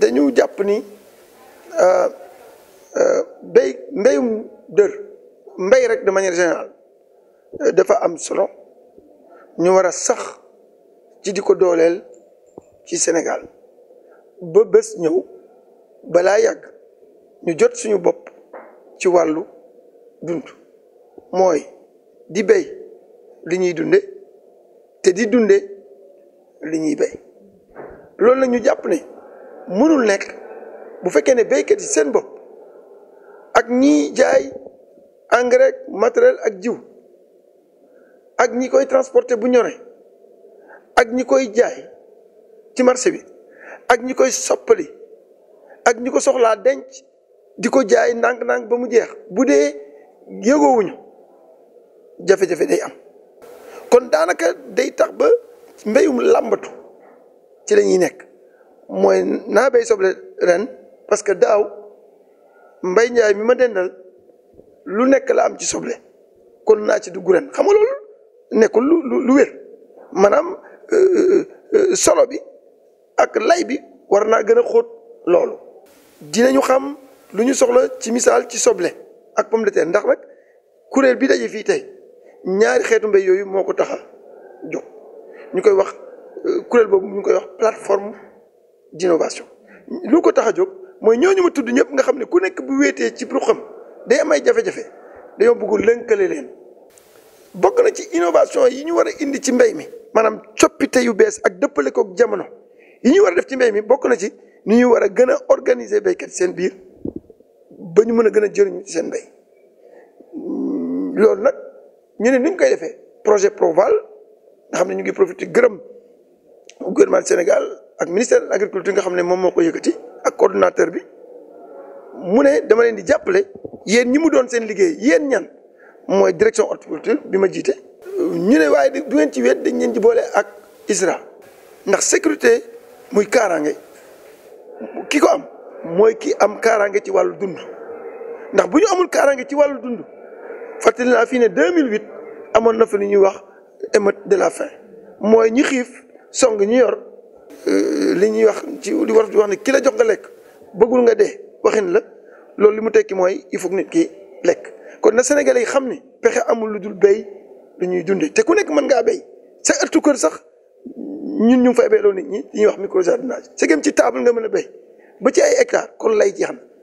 dañu jàpp ni euh, euh, béy mbéyum dër mbéy rek de manière générale euh, dafa am solo ñu war a sax ci di ko dooleel ci Sénégal ba bés ñëw balaa yàgg ñu jot suñu bopp ci wàllu dund mooy di bay li ñuy dunde te di dunde li ñuy béy loolu la ñu jàpp ni mënul nekk bu fekkee ne béykat yi seen bopp ak ñi jaay engrais matériel ak jiw ak ñi koy transporté bu ñore ak ñi koy jaay ci marché bi ak ñi koy soppali ak ñi ko soxlaa denc di ko jaay ndànk-ndànk ba mu jeex bu dee yëgoowuñu jafe-jafe day am kon daanaka day tax ba mbéyum làmbatu ci la ñuy nekk. mooy naa béy soble ren parce que daaw mbay njaay mi ma dendal lu nekk la am ci soble kon naa ci dugg ren xam nga loolu nekkul lu lu wér maanaam euh, euh, euh, solo bi ak lay bi war naa gën a xóot loolu. dinañu xam lu ñu soxla ci misaal ci soble ak pomme de terre ndax nag kuréel bi daje fii tey ñaari xeetu mbay yooyu moo ko tax a ñu koy wax kuréel boobu ñu koy wax plateforme. d'innovation lu ko tax a jóg mooy ñoo ñu ma tudd ñëpp nga xam ne ku nekk bu wéetee ci ruxam day am ay jafe-jafe dañoo bëgg lënkale leen bokk na ci innovation yi ñu war a indi ci mbéy mi maanaam coppite yu bees ak dëppale kook jamono yi ñu war a def ci mbéy mi bokk na ci ni ñu war a gën a organiser béykat seen biir ba ñu mën a gën a jëriñu seen mbéy loolu nag ñu ne ñu koy defee projet Proval nga xam ne ñu ngi profit gërëm gouvernement Sénégal. ak ministère de l'agriculture nga xam ne moom moo ko yëkkati ak coordonnateur bi mu ne dama leen di jàppale yéen ñi mu doon seen liggéey yéen ñan mooy direction horticulture bi ma jiite. ñu ne waaye du ngeen ci wet dañ leen ci boole ak ISRA ndax sécurité muy kaaraange ki ko am mooy ki am kaaraange ci wàllu dund ndax bu ñu amul kaaraange ci wàllu dund fàttali naa fii ne 2008 amoon na fi lu ñuy wax émeute de la fin mooy ñi xiif song ñu yor. Euh, li ñuy wax ci li war di wax ne ki la jox nga lekk bëggul nga dee waxin la loolu li mu tekki mooy il faut nit ki lekk kon na Sénégalais yi xam ni pexe amul lu dul béy lu ñuy dundee te ku nekk mën ngaa béy sa ëttu kër sax ñun ñu ngi fay béyloo nit ñi ñuy wax micro jardinage. segem ci table nga mën a béy ba ci ay hectares kon lay jeex na